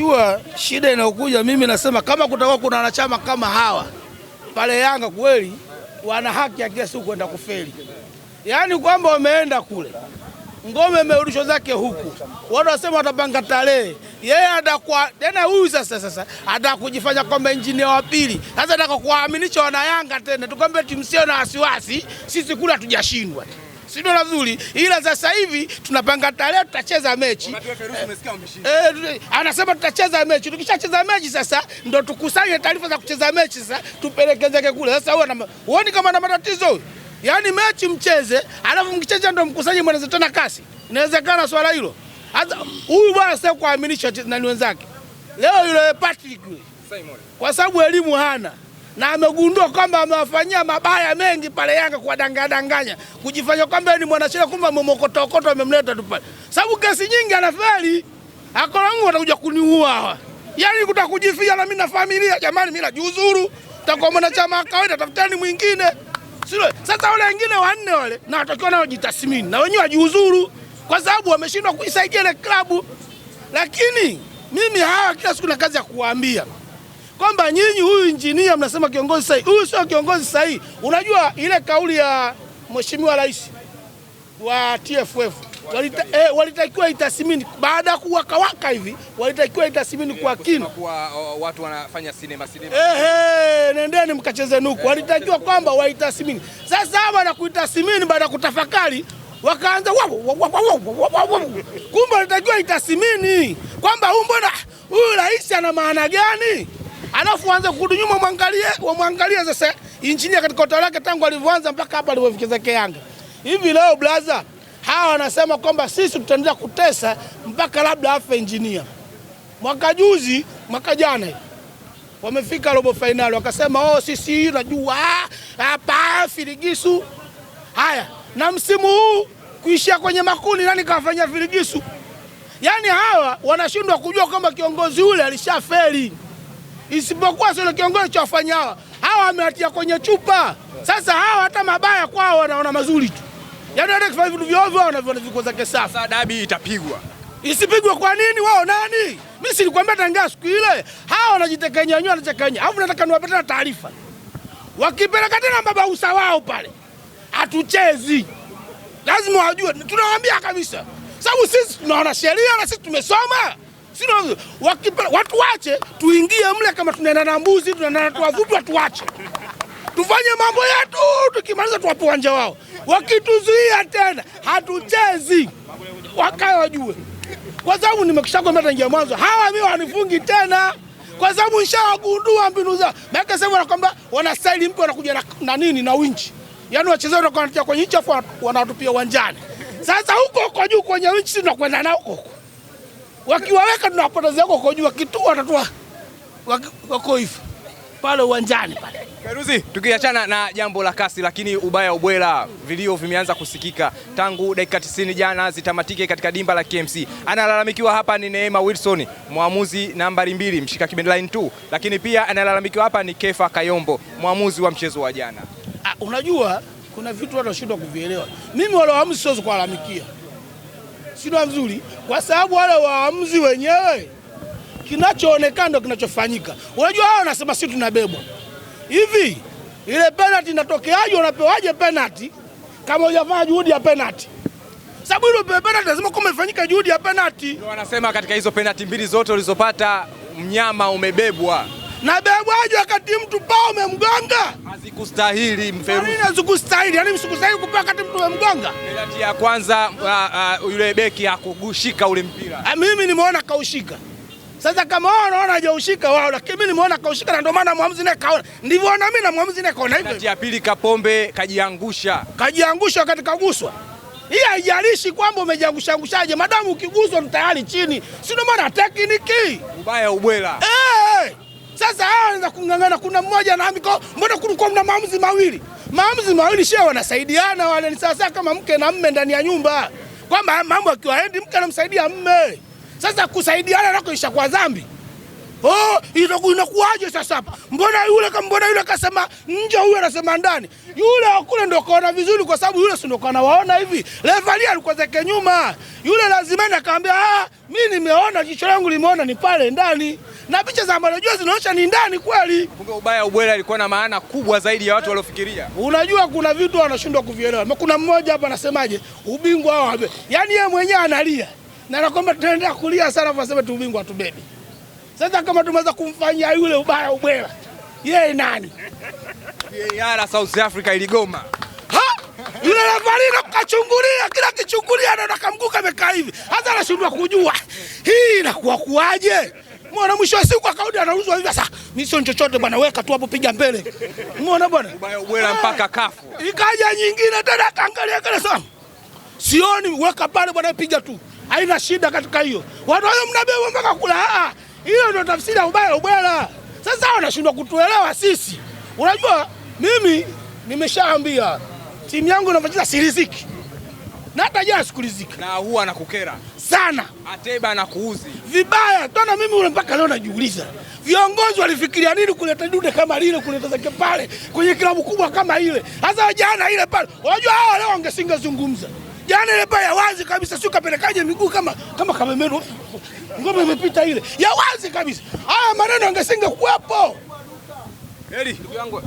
Unajua ah, shida inayokuja, mimi nasema kama kutakuwa kuna wanachama kama hawa pale Yanga, kweli wana haki ya kila siku kwenda kufeli, yaani kwamba wameenda kule ngome imerudishwa zake huku, watu wasema watapanga tarehe, yeye atakuwa tena huyu sasa sasa atakujifanya kwamba injinia wa pili, sasa atakakuwaaminisha wana Yanga tena tukwambie, tumsio na wasiwasi, sisi kule hatujashindwa si ndio nzuri, ila sasa hivi tunapanga tarehe, tutacheza mechi eh, anasema tutacheza mechi. Tukishacheza mechi sasa ndo tukusanye taarifa za kucheza mechi sasa tupelekezeke kule. Sasa huoni kama na matatizo? Yaani mechi mcheze, alafu mkicheza ndo mkusanye mweneze tena kasi, inawezekana swala hilo. Hata huyu bwana sasa kuaminisha na wenzake leo, yule Patrick kwa sababu elimu hana na amegundua kwamba amewafanyia mabaya mengi pale Yanga, kuwadangadanganya, kujifanya kwamba ni mwanasheria, kumbe amemokotookoto, amemleta tu pale, sababu kesi nyingi anafeli. Akolangu watakuja kuniua hawa, yani kutakujifia na mimi na familia. Jamani, mimi najiuzuru, takuwa mwanachama wa kawaida, tafutani mwingine. Sio sasa, wale wengine wanne wale na watakiwa nao jitathmini na wenyewe wajiuzuru, kwa sababu wameshindwa kuisaidia ile klabu. Lakini mimi hawa kila siku na kazi ya kuwaambia kwamba nyinyi huyu injinia mnasema kiongozi sahihi, huyu sio kiongozi sahihi. Unajua ile kauli ya mheshimiwa rais wa TFF walita, eh, walitakiwa itasimini baada ya kuwakawaka hivi, walitakiwa itasimini kwa eh, kina kwa oh, oh, watu wanafanya sinema sinema, eh, nendeni mkacheze nuku. Walitakiwa kwamba waitasimini. Sasa hapa na kuitasimini baada ya kutafakari wakaanza kumbe, walitakiwa itasimini kwamba huyu mbona huyu rais ana maana gani? alafu anze kurudi nyuma, mwangalie wamwangalie sasa injinia katika utawala wake tangu alivyoanza mpaka hapa alivyofikizake Yanga. Hivi leo blaza, hawa wanasema kwamba sisi tutaendelea kutesa mpaka labda afe injinia. Mwaka juzi, mwaka jana wamefika robo fainali wakasema oh, sisi najua ah, hapa filigisu haya, na msimu huu kuishia kwenye makundi, nani kawafanyia filigisu? Yaani hawa wanashindwa kujua kwamba kiongozi ule alishafeli isipokuwa sio kiongozi cha wafanya hawa hawa, wameatia kwenye chupa. Sasa hawa hata mabaya kwao wanaona mazuri tu, yaani hata kufanya vitu vyovyo wanaviona vikozake. Sasa dabi itapigwa isipigwe kwa nini? Wao nani? Mimi silikwambia tangaa siku ile, hawa wanajitekenya wenyewe, wanachekenya. Alafu nataka niwapate taarifa, wakipeleka tena mabausa wao pale, hatuchezi. Lazima wajue, tunawaambia kabisa, sababu sisi tunaona sheria na sisi tumesoma sio watu wache tuingie mle, kama tunaenda na mbuzi tunaenda na tuwavuti, watu tufanye mambo yetu, tukimaliza tuwape uwanja wao. Wakituzuia tena hatuchezi, wakae wajue, kwa sababu nimekishakwambia tangia mwanzo, hawa mi wanifungi tena kwa sababu nshawagundua mbinu zao. maake sehemu wanakwambia wana staili mpya, wanakuja na, na nini na winchi, yaani wachezaji wanakuwa wanatia kwenye nchi afu wanawatupia uwanjani. Sasa huko huko juu kwenye winchi, tunakwenda nao huko wakiwaweka tunawapoteza zako kwa jua kitu watatua wako hivi pale uwanjani pale. Feruzi, tukiachana na jambo la kasi, lakini ubaya ubwela, vilio vimeanza kusikika tangu dakika 90 jana zitamatike katika dimba la KMC. Analalamikiwa hapa ni Neema Wilson, mwamuzi nambari mbili, mshika kibedeline tu, lakini pia analalamikiwa hapa ni Kefa Kayombo, mwamuzi wa mchezo wa jana. Ah, unajua kuna vitu watu washindwa kuvielewa. Mimi wale waamuzi siwezi kuwalalamikia sina nzuri, kwa sababu wale waamuzi wenyewe kinachoonekana ndio kinachofanyika. Unajua hao wanasema sisi tunabebwa hivi, ile penalty inatokeaje? Unapewaje penalty kama hujafanya juhudi ya penalty? Sababu ile penalty lazima kama ifanyike juhudi ya penalty. Ndio wanasema katika hizo penalty mbili zote ulizopata mnyama umebebwa na bebwaji wakati mtu pao umemgonga, hazikustahili mfemu. Nini Hazikustahili yani, msikustahili kupewa wakati mtu umemgonga. Penalti ya kwanza uh, uh, yule beki hakugushika ule mpira. A, ah, mimi nimeona kaushika. Sasa kama wao wanaona hajaushika wao, lakini mimi nimeona kaushika, na ndio maana mwamuzi naye kaona ndivyo, na mimi na mwamuzi naye kaona hivyo. Penalti ya pili Kapombe kajiangusha, kajiangusha wakati kaguswa hii haijalishi kwamba umejiangushaangushaje, madamu ukiguswa tayari chini, si ndio maana tekniki ubaya ubwela eh. Sasa hawa wanaanza kung'ang'ana, kuna mmoja na mko, mbona kulikuwa mna maamuzi mawili, maamuzi mawili shehe, wanasaidiana wale, ni sawasawa kama mke na mme ndani ya nyumba, kwamba mambo akiwaendi mke anamsaidia mme. Sasa kusaidiana nako ishakuwa dhambi. Oh, inakuwaje sasa hapa? Mbona yule kama mbona yule kasema nje, huyu anasema ndani. Yule akule ndo kaona vizuri kwa sababu yule si ndo kana waona hivi. Levali alikuwa zake nyuma. Yule lazima nakaambia, ah, mimi nimeona jicho langu limeona ni pale ndani. Na picha za mbona jua zinaonyesha ni ndani kweli. Kumbe ubaya ubwela alikuwa na maana kubwa zaidi ya watu waliofikiria. Unajua kuna vitu wanashindwa kuvielewa. Kuna mmoja hapa anasemaje? Ubingwa wao. Yaani yeye mwenyewe analia. Na anakwambia tunaenda kulia sana kwa sababu tu ubingwa tu bebi. Sasa kama tumeweza kumfanyia yule ubaya ubwela, yeye nani? VAR South Africa iligoma yule lavarina kachungulia kila kichungulia na nakamguka amekaa hivi hata anashindwa kujua hii inakuwa kuaje. Mbona mwisho wa siku akaudi anauzwa hivi sasa. Mimi sio chochote bwana, weka tu hapo, piga mbele. Mbona bwana, ubaya ubwela mpaka ah, kafu. Ikaja nyingine tena, kaangalia kana sana, sioni, weka pale bwana, piga tu, haina shida katika hiyo. Watu wao mnabeba mpaka kula. ah hiyo ndio tafsiri ya ubaya ubwela. Sasa wanashindwa kutuelewa sisi. Unajua mimi nimeshaambia timu yangu inavyocheza siriziki na hata jana sikulizika, na huwa anakukera sana Ateba kuuzi. vibaya tana. Mimi ule mpaka leo najiuliza viongozi walifikiria nini kuleta dude kama lile, kuleta zake pale kwenye klabu kubwa kama ile, hasa jana ile pale. Unajua mnyonge singezungumza. Jana yaani ile baya wazi kabisa, si kapelekaje miguu kama kama kamemeno, ngoma imepita ile ya wazi kabisa, haya maneno angesinge kuwepo. Eli ndugu yangu